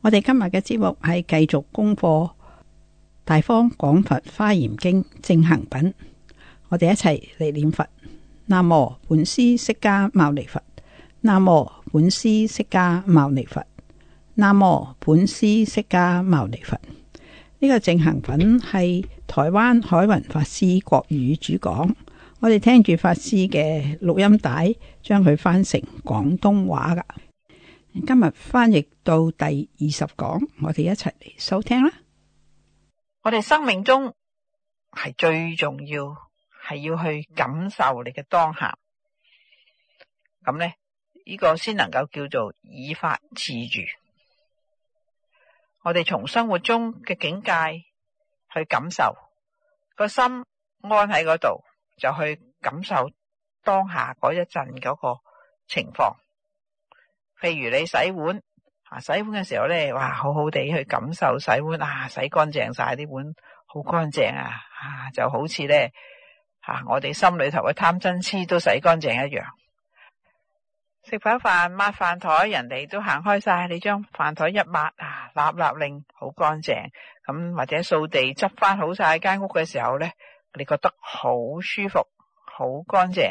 我哋今日嘅節目係繼續功課《大方廣佛花嚴經正行品》，我哋一齊嚟念佛。南無本師釋迦牟尼佛，南無本師釋迦牟尼佛，南無本師釋迦牟尼佛。呢個正行品係台灣海雲法師國語主講，我哋聽住法師嘅錄音帶，將佢翻成廣東話噶。今日翻譯到第二十講，我哋一齊嚟收聽啦。我哋生命中係最重要，係要去感受你嘅當下。咁咧，呢個先能夠叫做以法自住。我哋從生活中嘅境界去感受個心安喺嗰度，就去感受當下嗰一陣嗰個情況。譬如你洗碗，啊洗碗嘅時候咧，哇好好地去感受洗碗，啊洗乾淨晒啲碗，好乾淨啊，啊就好似咧，吓、啊、我哋心裏頭嘅貪嗔癡都洗乾淨一樣。食飽飯抹飯台，人哋都行開晒，你將飯台一抹啊，立立令好乾淨。咁、啊、或者掃地執翻好晒間屋嘅時候咧，你覺得好舒服，好乾淨。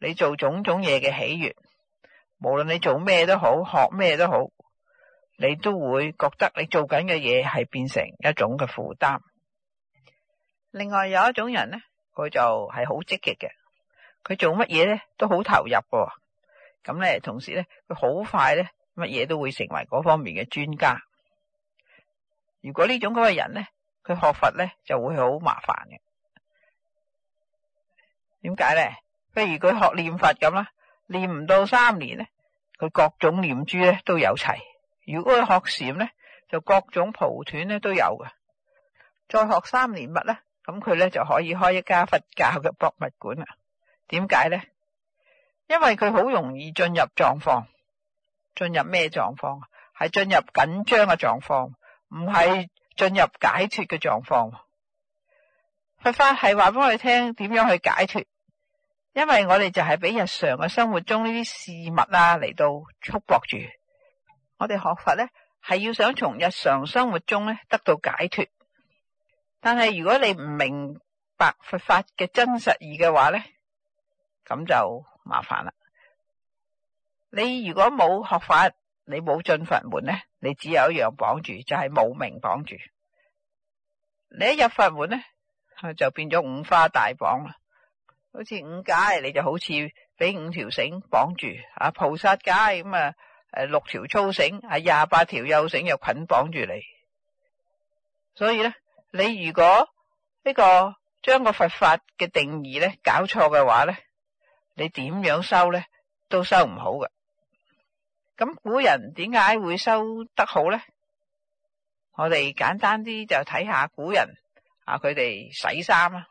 你做種種嘢嘅喜悅，無論你做咩都好，學咩都好，你都會覺得你做緊嘅嘢係變成一種嘅負擔。另外有一種人咧，佢就係好積極嘅，佢做乜嘢咧都好投入嘅。咁咧，同時咧佢好快咧，乜嘢都會成為嗰方面嘅專家。如果種呢種咁嘅人咧，佢學佛咧就會好麻煩嘅。點解咧？譬如佢學念佛咁啦，念唔到三年咧，佢各種念珠咧都有齊。如果佢學禪咧，就各種蒲團咧都有嘅。再學三年密咧，咁佢咧就可以開一家佛教嘅博物館啦。點解咧？因為佢好容易進入狀況，進入咩狀況？係進入緊張嘅狀況，唔係進入解脫嘅狀況。佛法係話俾我哋聽點樣去解脫。因為我哋就係俾，日常嘅生活中呢啲事物啊，嚟到束縛住，我哋學佛咧係要想從日常生活中咧得到解脫，但係如果你唔明白佛法嘅真實義嘅話咧，咁就麻煩啦。你如果冇學法，你冇進佛門咧，你只有一樣綁住，就係冇名綁住。你一入佛門咧，就變咗五花大綁啦。好似五戒，你就好似俾五條繩綁住啊！菩薩戒咁啊，誒六條粗繩，係廿八條幼繩又捆綁住你。所以咧，你如果呢個將個佛法嘅定義咧搞錯嘅話咧，你點樣修咧都修唔好嘅。咁古人點解會修得好咧？我哋簡單啲就睇下古人啊，佢哋洗衫啊。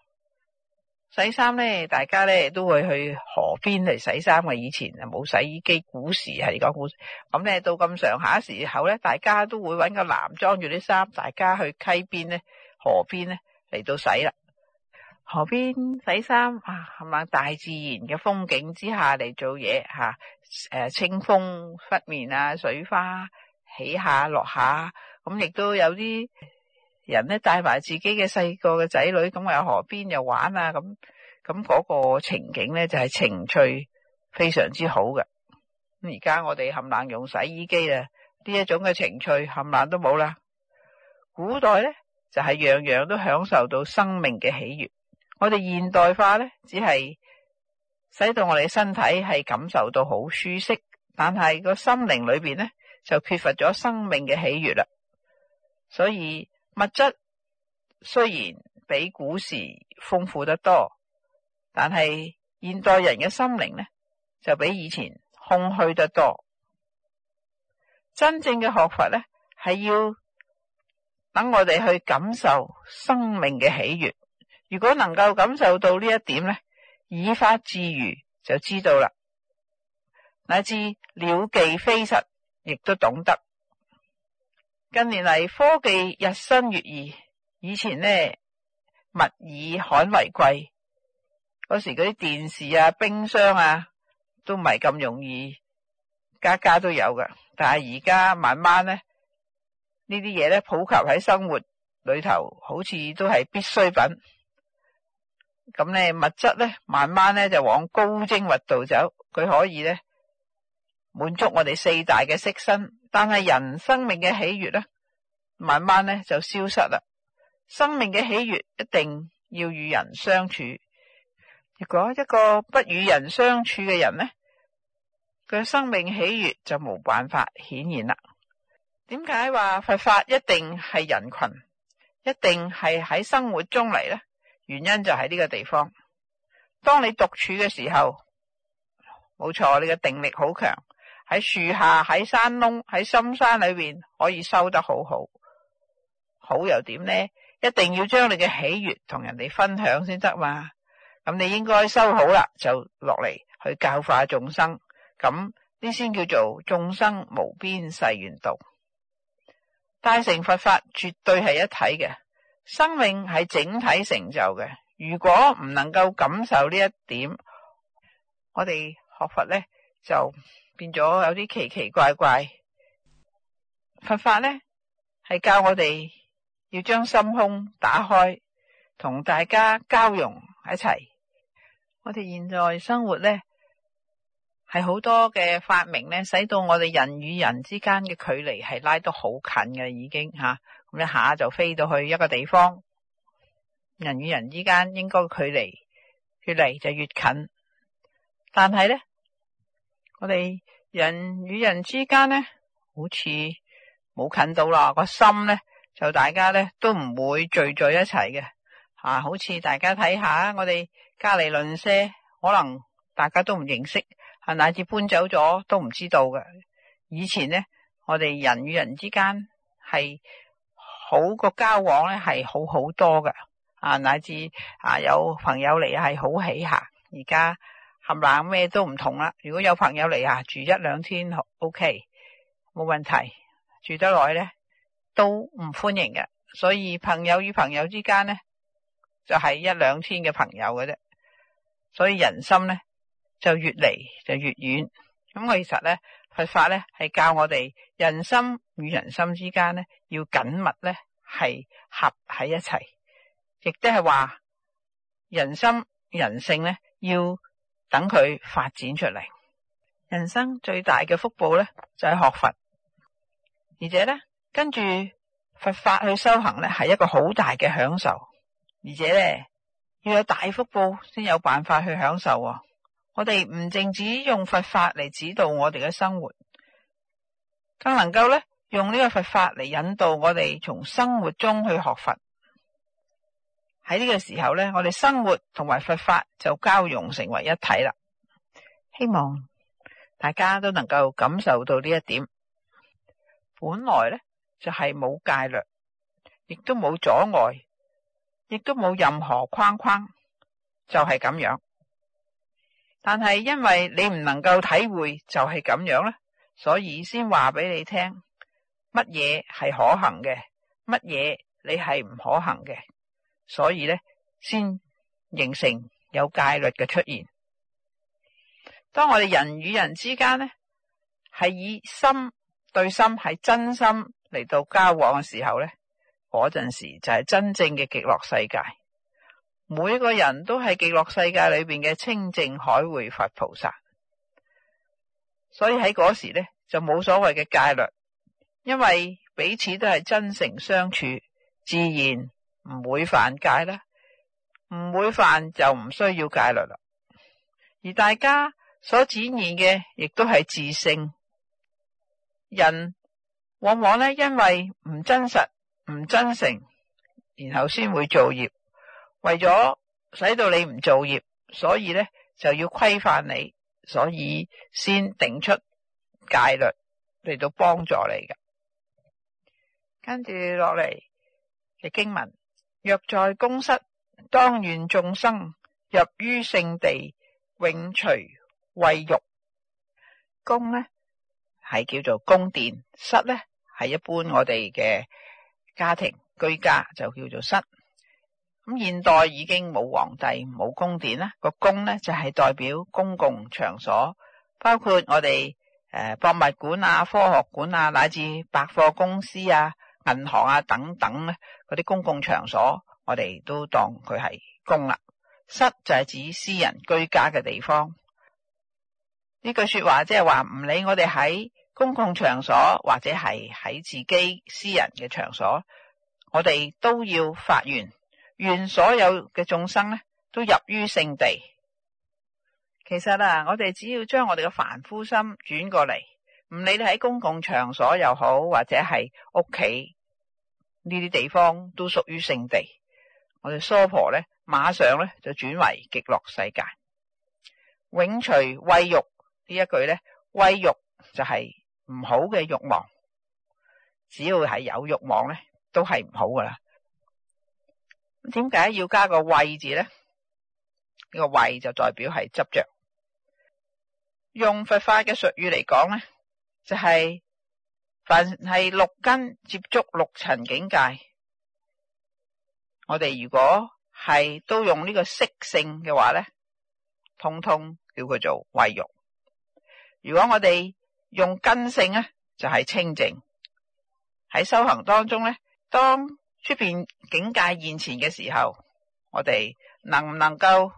洗衫咧，大家咧都會去河邊嚟洗衫嘅。以前啊，冇洗衣機，古時係講古，咁、這、咧、個嗯、到咁上下嘅時候咧，大家都會揾個籃裝住啲衫，大家去溪邊咧、河邊咧嚟到洗啦。河邊洗衫啊，係咪大自然嘅風景之下嚟做嘢吓？誒、啊，清風拂面啊，水花起下落下，咁、嗯、亦都有啲。人咧，帶埋自己嘅細個嘅仔女，咁喺河邊又玩啊，咁咁嗰個情景咧，就係情趣非常之好嘅。而家我哋冚冷用洗衣機啦，呢一種嘅情趣冚冷都冇啦。古代咧，就係樣樣都享受到生命嘅喜悅，我哋現代化咧只係使到我哋身體係感受到好舒適，但係個心靈裏邊咧，就缺乏咗生命嘅喜悅啦，所以。物質雖然比古時豐富得多，但係現代人嘅心靈呢，就比以前空虛得多。真正嘅學佛呢，係要等我哋去感受生命嘅喜悦。如果能夠感受到呢一點呢，以化自愚就知道啦，乃至鳥迹飛失亦都懂得。近年嚟，科技日新月異。以前咧，物以罕為貴，嗰時嗰啲電視啊、冰箱啊都唔係咁容易，家家都有噶。但係而家慢慢咧，呢啲嘢咧，普及喺生活裏頭，好似都係必需品。咁咧，物質咧，慢慢咧就往高精密度走，佢可以咧，滿足我哋四大嘅色身。但係人生命嘅喜悅咧，慢慢咧就消失啦。生命嘅喜悅一定要與人相處。如果一個不與人相處嘅人咧，佢生命喜悅就冇辦法顯現啦。點解話佛法一定係人群，一定係喺生活中嚟咧？原因就喺呢個地方。當你獨處嘅時候，冇錯，你嘅定力好強。喺樹下，喺山窿，喺深山裏面，可以修得好好，好又點呢？一定要將你嘅喜悅同人哋分享先得嘛。咁你應該修好啦，就落嚟，去教化眾生。咁呢先叫做眾生無邊誓願度。大乘佛法絕對係一體嘅，生命係整體成就嘅。如果唔能夠感受呢一點，我哋學佛呢就。變咗有啲奇奇怪怪。佛法咧係教我哋要將心胸打開，同大家交融一齊。我哋現在生活咧係好多嘅發明咧，使到我哋人與人之間嘅距離係拉得好近㗎已經吓，咁、啊、一下就飛到去一個地方。人與人之間應該距離越嚟就越近，但係咧。我哋人與人之間咧，好似冇近到啦，個心咧就大家咧都唔會聚聚一齊嘅。啊，好似大家睇下，我哋加利倫些，可能大家都唔認識，啊乃至搬走咗都唔知道嘅。以前咧，我哋人與人之間係好個交往咧係好好多嘅。啊，乃至啊有朋友嚟係好喜下。而家。冚冷咩都唔同啦！如果有朋友嚟啊，住一兩天 OK，冇問題。住得耐咧，都唔歡迎嘅。所以朋友與朋友之間咧，就係、是、一兩天嘅朋友嘅啫。所以人心咧，就越嚟就越遠。咁、嗯嗯、我其實咧，佛法咧係教我哋，人心與人心之間咧要緊密咧係合喺一齊，亦都係話人心人性咧要、嗯。等佢發展出嚟，人生最大嘅福報咧，就係學佛，而且咧跟住佛法去修行咧，係一個好大嘅享受，而且咧要有大福報先有辦法去享受。我哋唔淨止用佛法嚟指導我哋嘅生活，更能夠咧用呢個佛法嚟引導我哋從生活中去學佛。喺呢個時候咧，我哋生活同埋佛法就交融成為一體啦。希望大家都能夠感受到呢一點。本來咧就係冇戒律，亦都冇阻礙，亦都冇任何框框，就係咁樣。但係因為你唔能夠體會就係咁樣啦，所以先話俾你聽乜嘢係可行嘅，乜嘢你係唔可行嘅。所以咧，先形成有戒律嘅出現。當我哋人與人之間咧，係以心對心，係真心嚟到交往嘅時候咧，嗰陣時就係真正嘅極樂世界。每個人都係極樂世界裏邊嘅清淨海會佛菩薩，所以喺嗰時咧，就冇所謂嘅戒律，因為彼此都係真誠相處，自然。唔會犯戒啦，唔會犯就唔需要戒律啦。而大家所展現嘅亦都係自性。人往往咧因為唔真實、唔真誠，然後先會造業。為咗使到你唔造業，所以咧就要規範你，所以先定出戒律嚟到幫助你㗎。跟住落嚟嘅經文。若在宮室，當願眾生入於聖地，永除穢欲。宮呢係叫做宮殿，室呢係一般我哋嘅家庭居家就叫做室。咁現代已經冇皇帝冇宮殿啦，個宮呢就係、是、代表公共場所，包括我哋誒博物館啊、科學館啊，乃至百貨公司啊。銀行啊，等等嗰啲公共場所，我哋都當佢係公啦。室就係指私人居家嘅地方。呢句說話即係話，唔理我哋喺公共場所或者係喺自己私人嘅場所，我哋都要發願願所有嘅眾生咧都入於聖地。其實啊，我哋只要將我哋嘅凡夫心轉過嚟，唔理你喺公共場所又好，或者係屋企。呢啲地方都屬於聖地，我哋娑婆咧，馬上咧就轉為極樂世界。永除畏慾呢一句咧，畏慾就係唔好嘅慾望，只要係有慾望咧，都係唔好噶啦。點解要加個畏字咧？呢個畏就代表係執着。用佛法嘅術語嚟講咧，就係。凡係六根接觸六塵境界，我哋如果係都用呢個識性嘅話咧，通通叫佢做穢欲。如果我哋用根性啊，就係、是、清淨。喺修行當中咧，當出便境界現前嘅時候，我哋能唔能夠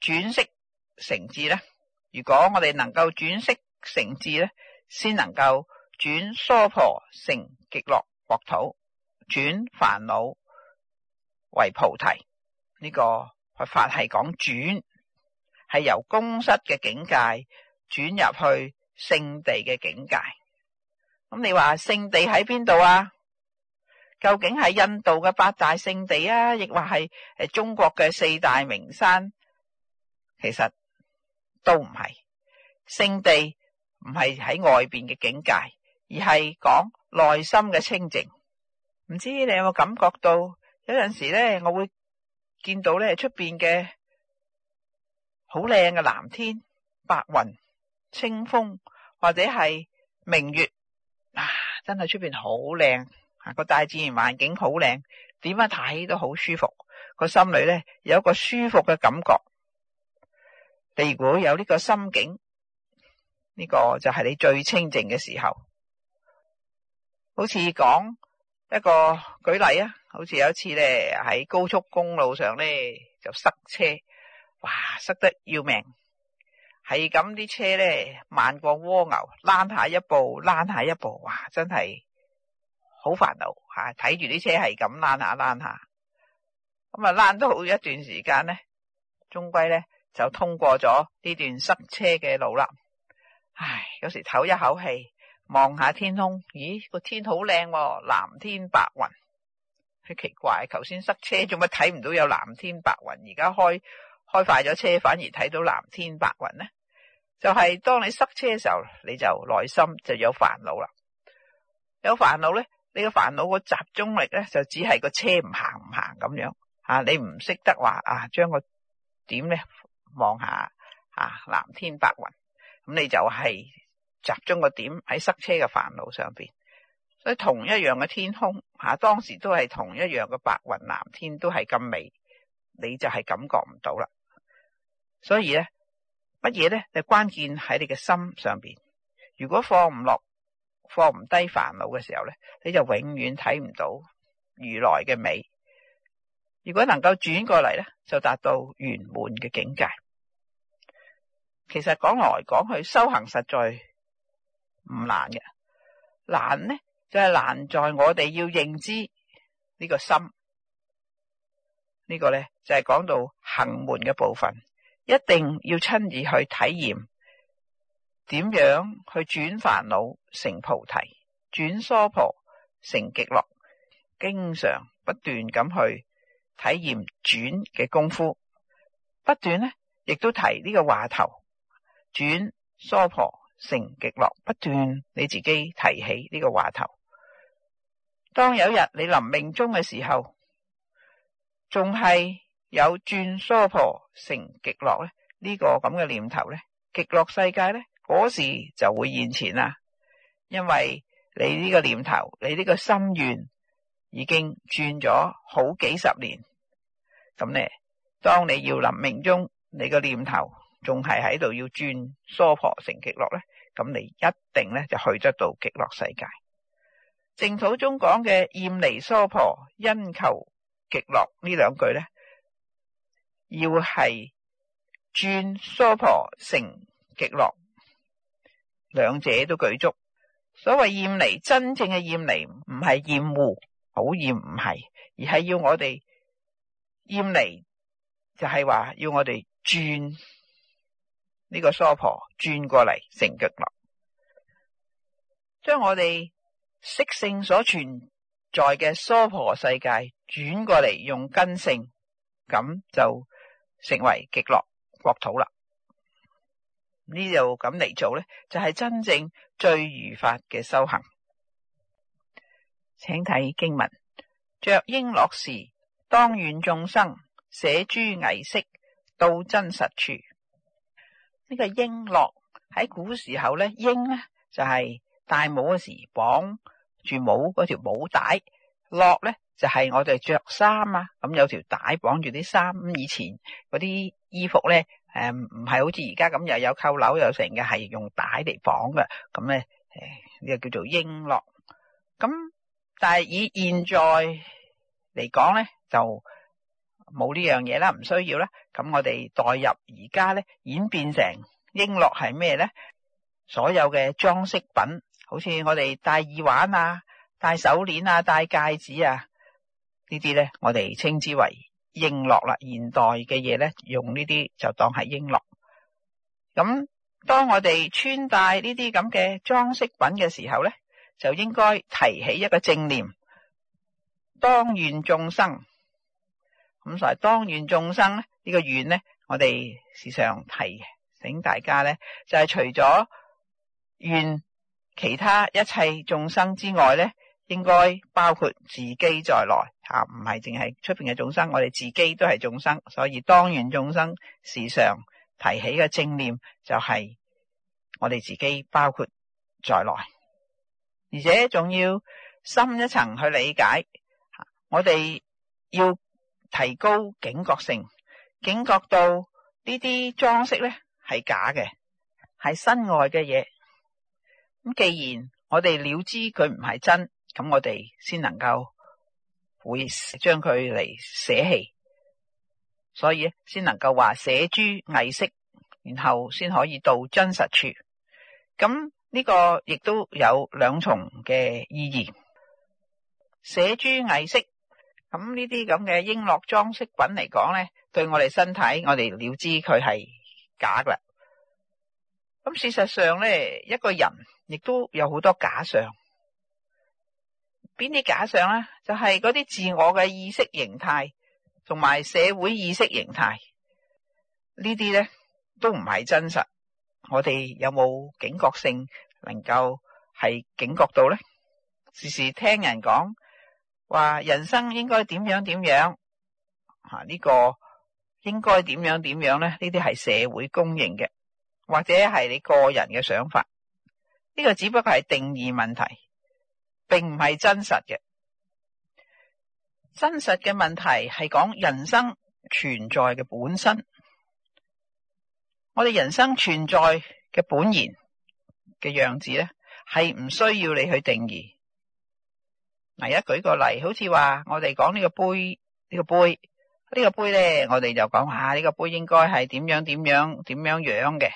轉識成智咧？如果我哋能夠轉識成智咧，先能夠。轉娑婆成極樂國土，轉煩惱為菩提。呢個佛法係講轉，係由公室嘅境界轉入去聖地嘅境界。咁你話聖地喺邊度啊？究竟係印度嘅八大聖地啊，亦或係誒中國嘅四大名山？其實都唔係，聖地唔係喺外邊嘅境界。而係講內心嘅清靜，唔知你有冇感覺到有陣時咧，我會見到咧出邊嘅好靚嘅藍天、白雲、清風，或者係明月啊，真係出邊好靚啊！個大自然環境好靚，點樣睇都好舒服，個心裏咧有一個舒服嘅感覺。你如果有呢個心境，呢個就係你最清靜嘅時候。好似講一個舉例啊，好似有一次咧喺高速公路上咧就塞車，哇塞得要命，係咁啲車咧慢過蝸牛，躝下一步躝下一步，哇真係好煩惱吓，睇住啲車係咁躝下躝下，咁啊躝咗好一段時間咧，終歸咧就通過咗呢段塞車嘅路啦，唉有時唞一口氣。望下天空，咦，個天好靚，哦，藍天白雲。好奇怪，頭先塞車做乜睇唔到有藍天白雲？而家開開快咗車，反而睇到藍天白雲呢？就係，是，當你塞車嘅時候，你就內心就有煩惱啦。有煩惱咧，你個煩惱個集中力咧，就只係個車唔行唔行咁樣。吓，啊，你唔識得話啊，將個點咧望下啊，藍天白雲，咁你就係，是。集中個點喺塞車嘅煩惱上邊，所以同一樣嘅天空吓、啊，當時都係同一樣嘅白雲藍天，都係咁美，你就係感覺唔到啦。所以咧，乜嘢咧就關鍵喺你嘅心上邊。如果放唔落、放唔低煩惱嘅時候咧，你就永遠睇唔到如來嘅美。如果能夠轉過嚟咧，就達到圓滿嘅境界。其實講嚟講去，修行實在。唔難嘅，難呢就係、是、難在我哋要認知呢、這個心，呢、這個呢就係、是、講到行門嘅部分，一定要親自去體驗，點樣去轉煩惱成菩提，轉娑婆成極樂，經常不斷咁去體驗轉嘅功夫，不斷呢亦都提呢個話頭，轉娑婆，成極樂不斷，你自己提起呢個話頭。當有一日你臨命終嘅時候，仲係有轉娑婆成極樂咧？呢個咁嘅念頭咧，極樂世界咧，嗰時就會現前啦。因為你呢個念頭，你呢個心願已經轉咗好幾十年。咁咧，當你要臨命終，你個念頭。仲係喺度要轉娑婆成極樂咧，咁你一定咧就去得到極樂世界。淨土中講嘅厭離娑婆，因求極樂呢兩句咧，要係轉娑婆成極樂，兩者都舉足。所謂厭離，真正嘅厭離唔係厭惡，好厭唔係，而係要我哋厭離，就係、是、話要我哋轉。呢個娑婆轉過嚟，成極樂，將我哋識性所存在嘅娑婆世界轉過嚟用根性，咁就成為極樂國土啦。這這呢度咁嚟做咧，就係、是、真正最如法嘅修行。請睇經文：着瓔珞時，當願眾生，捨諸偽飾，到真實處。呢個英落喺古時候咧，英咧就係戴帽嗰時綁住帽嗰條帽帶，落咧就係、是、我哋着衫啊，咁有條帶綁住啲衫。以前嗰啲衣服咧，誒唔係好似而家咁又有扣鈕又成嘅，係用帶嚟綁嘅。咁咧，呢、這個叫做英落。咁但係以現在嚟講咧，就。冇呢樣嘢啦，唔需要啦。咁我哋代入而家咧，演變成瓔珞係咩咧？所有嘅裝飾品，好似我哋戴耳環啊、戴手鏈啊、戴戒指啊，呢啲咧我哋稱之為瓔珞啦。現代嘅嘢咧，用呢啲就當係瓔珞。咁當我哋穿戴呢啲咁嘅裝飾品嘅時候咧，就應該提起一個正念，當願眾生。咁所以當願眾生咧，呢個願咧，我哋時常提醒大家咧，就係除咗願其他一切眾生之外咧，應該包括自己在內，吓，唔係淨係出邊嘅眾生，我哋自己都係眾生。所以當願眾生時常提起嘅正念，就係我哋自己包括在內，而且仲要深一層去理解，我哋要。提高警覺性，警覺到呢啲裝飾咧係假嘅，係身外嘅嘢。咁既然我哋了知佢唔係真，咁我哋先能夠會將佢嚟捨棄，所以先能夠話捨諸偽飾，然後先可以到真實處。咁呢個亦都有兩重嘅意義，捨諸偽飾。咁呢啲咁嘅瓔珞裝飾品嚟講咧，對我哋身體，我哋了知佢係假噶。咁事實上咧，一個人亦都有好多假相。邊啲假相咧？就係嗰啲自我嘅意識形態，同埋社會意識形態呢啲咧，都唔係真實。我哋有冇警覺性，能夠係警覺到咧？時時聽人講。話人生應該點樣點樣？吓呢個應該點樣點樣咧？呢啲係社會公認嘅，或者係你個人嘅想法。呢個只不過係定義問題，並唔係真實嘅。真實嘅問題係講人生存在嘅本身。我哋人生存在嘅本然嘅樣子咧，係唔需要你去定義。嗱，一舉個例，好似話我哋講呢個杯，呢個杯，呢個杯咧，我哋就講下呢個杯應該係點樣點樣點樣樣嘅。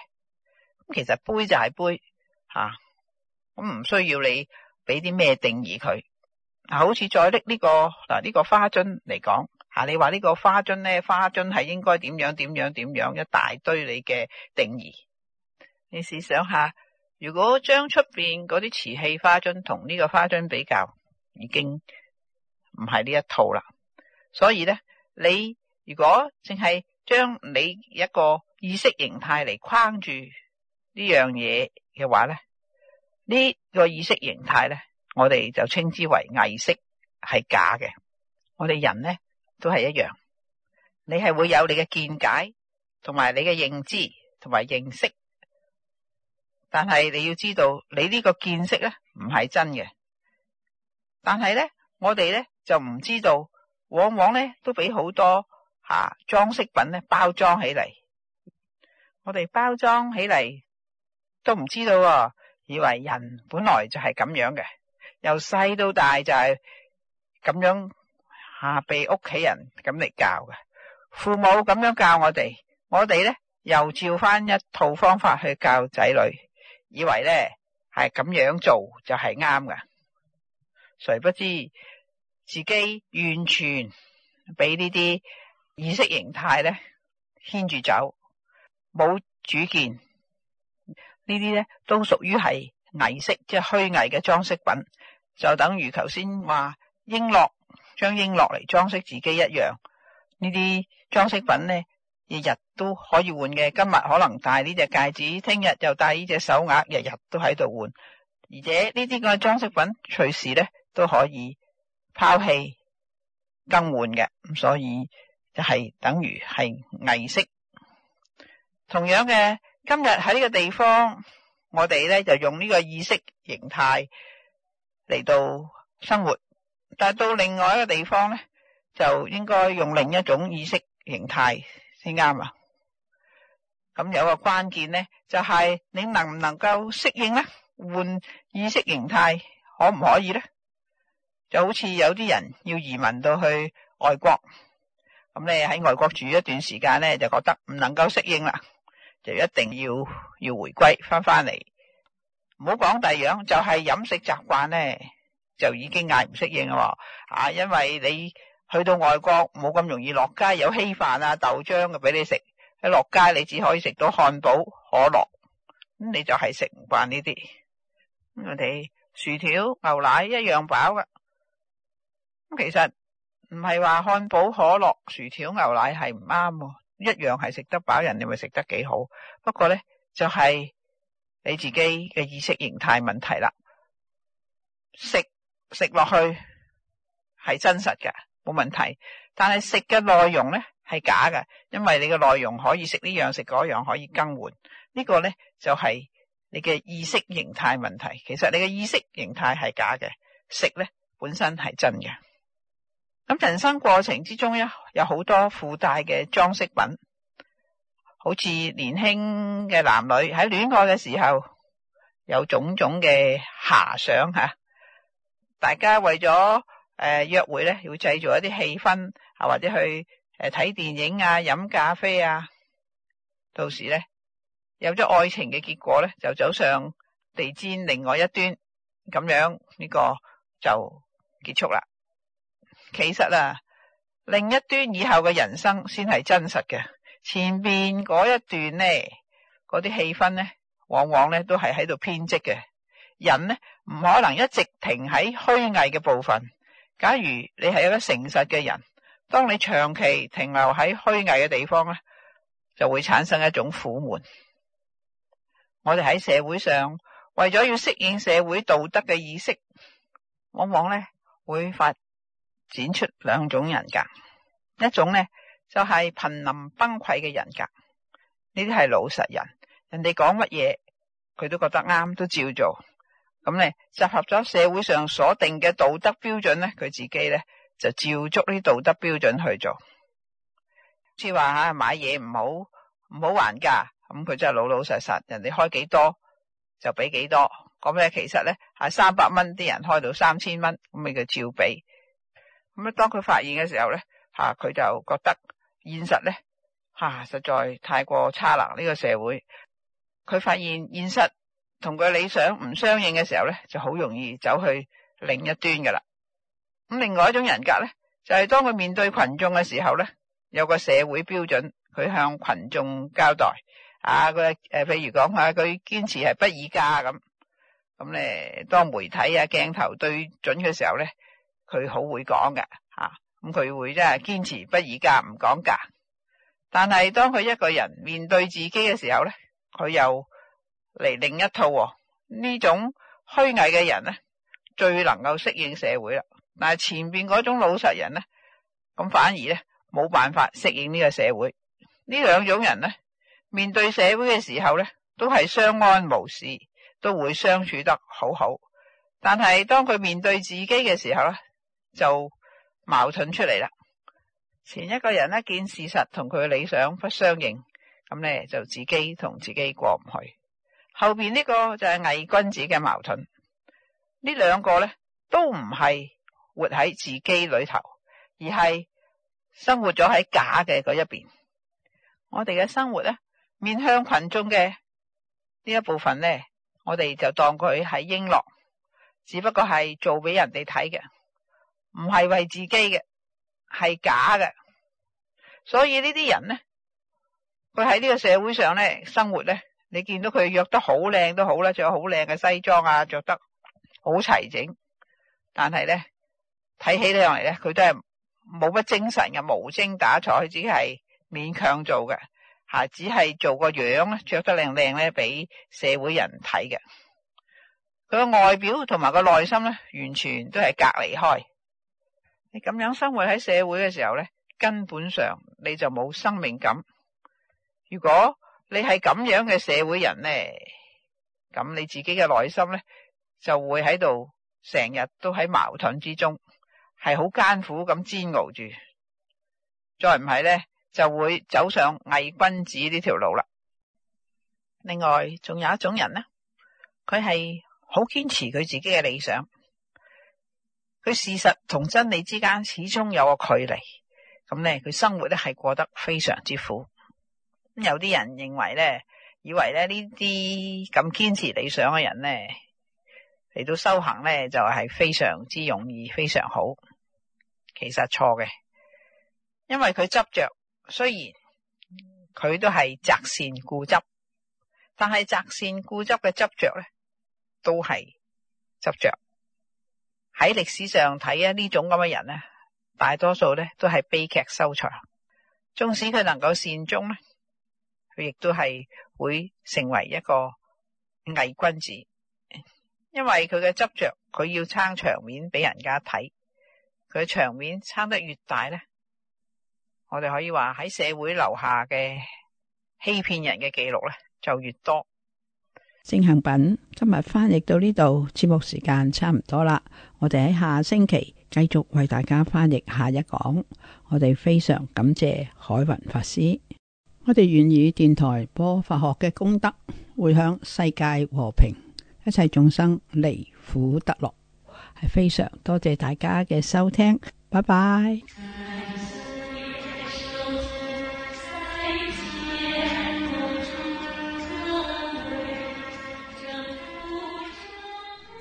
咁其實杯就係杯吓，咁唔需要你俾啲咩定義佢啊。好似再拎呢個嗱，呢個花樽嚟講吓，你話呢個花樽咧，花樽係應該點樣點樣點樣，一大堆你嘅定義。你試想下，如果將出邊嗰啲瓷器花樽同呢個花樽比較。已經唔係呢一套啦，所以咧，你如果淨係將你一個意識形態嚟框住呢樣嘢嘅話咧，呢、呢個意識形態咧，我哋就稱之為意識係假嘅。我哋人咧都係一樣，你係會有你嘅見解同埋你嘅認知同埋認識，但係你要知道，你呢個見識咧唔係真嘅。但係咧，我哋咧就唔知道，往往咧都俾好多啊裝飾品咧包裝起嚟，我哋包裝起嚟都唔知道，哦，以為人本來就係咁樣嘅，由細到大就係咁樣嚇，啊，被屋企人咁嚟教嘅，父母咁樣教我哋，我哋咧又照翻一套方法去教仔女，以為咧係咁樣做就係啱嘅。誰不知自己完全俾呢啲意識形態咧牽住走，冇主見呢啲咧都屬於係偽飾，即係虛偽嘅裝飾品。就等於頭先話瓔珞將瓔珞嚟裝飾自己一樣。呢啲裝飾品咧日日都可以換嘅，今日可能戴呢隻戒指，聽日又戴呢隻手鐲，日日都喺度換。而且呢啲嘅裝飾品隨時咧。都可以拋棄更換嘅，咁所以就係等於係意識。同樣嘅，今日喺呢個地方，我哋咧就用呢個意識形態嚟到生活，但係到另外一個地方咧就應該用另一種意識形態先啱啦。咁有個關鍵咧就係你能唔能夠適應咧？換意識形態可唔可以咧？就好似有啲人要移民到去外國，咁咧喺外國住一段時間咧，就覺得唔能夠適應啦，就一定要要回歸翻翻嚟。唔好講第二樣，就係、是、飲食習慣咧就已經嗌唔適應咯啊！因為你去到外國冇咁容易落街，有稀飯啊、豆漿嘅、啊、俾你食，喺落街你只可以食到漢堡、可樂，咁你就係食唔慣呢啲。我哋薯條、牛奶一樣飽噶。咁其實唔係話漢堡、可樂、薯條、牛奶係唔啱啊，一樣係食得飽人，你咪食得幾好。不過呢，就係、是、你自己嘅意識形態問題啦。食食落去係真實嘅，冇問題。但係食嘅內容呢係假嘅，因為你嘅內容可以食呢樣食嗰樣，樣可以更換呢、呢個呢，就係、是、你嘅意識形態問題。其實你嘅意識形態係假嘅，食呢本身係真嘅。咁人生過程之中，咧有好多附帶嘅裝飾品，好似年輕嘅男女喺戀愛嘅時候，有種種嘅遐想吓。大家為咗誒約會咧，要製造一啲氣氛啊，或者去誒睇電影啊、飲咖啡啊。到時咧有咗愛情嘅結果咧，就走上地氈另外一端，咁樣呢個就結束啦。其實啊，另一端以後嘅人生先係真實嘅，前邊嗰一段呢，嗰啲氣氛呢，往往呢都係喺度編織嘅。人呢唔可能一直停喺虛偽嘅部分。假如你係一個誠實嘅人，當你長期停留喺虛偽嘅地方咧，就會產生一種苦悶。我哋喺社會上為咗要適應社會道德嘅意識，往往呢會發。展出兩種人格，一種咧就係瀕臨崩潰嘅人格。呢啲係老實人，人哋講乜嘢佢都覺得啱，都照做。咁咧集合咗社會上所定嘅道德標準咧，佢自己咧就照足呢道德標準去做。即係話吓買嘢唔好唔好還價，咁佢真係老老實實，人哋開幾多就俾幾多。咁咧其實咧係三百蚊啲人開到三千蚊，咁你叫照俾？咁啊，當佢發現嘅時候咧，吓佢就覺得現實咧，吓、啊、實在太過差啦呢、這個社會。佢發現現實同佢理想唔相應嘅時候咧，就好容易走去另一端噶啦。咁另外一種人格咧，就係、是、當佢面對群眾嘅時候咧，有個社會標準，佢向群眾交代啊，佢誒，譬如講下佢堅持係不以家咁。咁、啊、咧，當媒體啊鏡頭對準嘅時候咧。佢好會講嘅，吓，咁、啊、佢會真係堅持不二價，唔講價。但係當佢一個人面對自己嘅時候呢，佢又嚟另一套。呢、啊、種虛偽嘅人呢，最能夠適應社會啦。但係前邊嗰種老實人呢，咁反而呢冇辦法適應呢個社會。呢兩種人呢，面對社會嘅時候呢，都係相安無事，都會相處得好好。但係當佢面對自己嘅時候呢，就矛盾出嚟啦。前一個人呢，見事實同佢嘅理想不相應，咁呢就自己同自己過唔去。後邊呢個就係偽君子嘅矛盾。呢兩個呢都唔係活喺自己裏頭，而係生活咗喺假嘅嗰一邊。我哋嘅生活呢，面向群眾嘅呢一部分呢，我哋就當佢係英樂，只不過係做俾人哋睇嘅。唔係為自己嘅，係假嘅。所以呢啲人咧，佢喺呢個社會上咧生活咧，你見到佢約得好靚都好啦，着好靚嘅西裝啊，着得好齊整。但係咧睇起上嚟咧，佢都係冇乜精神嘅，無精打采，只係勉強做嘅，吓、啊、只係做個樣啊，着得靚靚咧，俾社會人睇嘅。佢個外表同埋個內心咧，完全都係隔離開。你咁樣生活喺社會嘅時候咧，根本上你就冇生命感。如果你係咁樣嘅社會人咧，咁你自己嘅內心咧就會喺度成日都喺矛盾之中，係好艱苦咁煎熬住。再唔係咧，就會走上偽君子呢條路啦。另外，仲有一種人咧，佢係好堅持佢自己嘅理想。佢事實同真理之間始終有個距離，咁咧佢生活咧係過得非常之苦。有啲人認為咧，以為咧呢啲咁堅持理想嘅人咧嚟到修行咧就係非常之容易，非常好。其實錯嘅，因為佢執着，雖然佢都係擇善固執，但係擇善固執嘅執着咧都係執着。喺歷史上睇啊，呢種咁嘅人咧，大多數咧都係悲劇收場。縱使佢能夠善終咧，佢亦都係會成為一個偽君子，因為佢嘅執着，佢要撐場面俾人家睇，佢場面撐得越大咧，我哋可以話喺社會留下嘅欺騙人嘅記錄咧就越多。正行品今日翻譯到呢度，節目時間差唔多啦。我哋喺下星期繼續為大家翻譯下一講。我哋非常感謝海雲法師，我哋願以電台播法學嘅功德，回向世界和平，一切眾生離苦得樂，係非常多謝大家嘅收聽。拜拜。